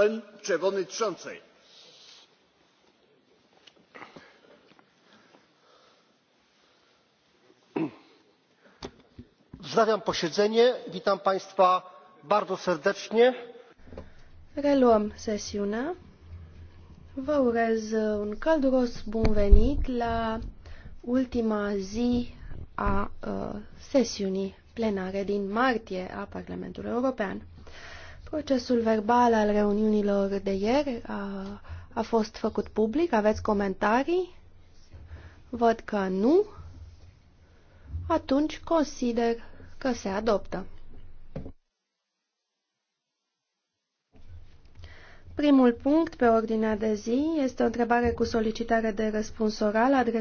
pan przewodniczący! wznawiam posiedzenie. witam państwa bardzo serdecznie. reluăm sesiunea. vă urez un călduros bun venit la ultima zi a uh, sesiunii plenare din martie a Parlamentului European. Procesul verbal al reuniunilor de ieri a, a fost făcut public. Aveți comentarii? Văd că nu. Atunci consider că se adoptă. Primul punct pe ordinea de zi este o întrebare cu solicitare de răspuns oral adresată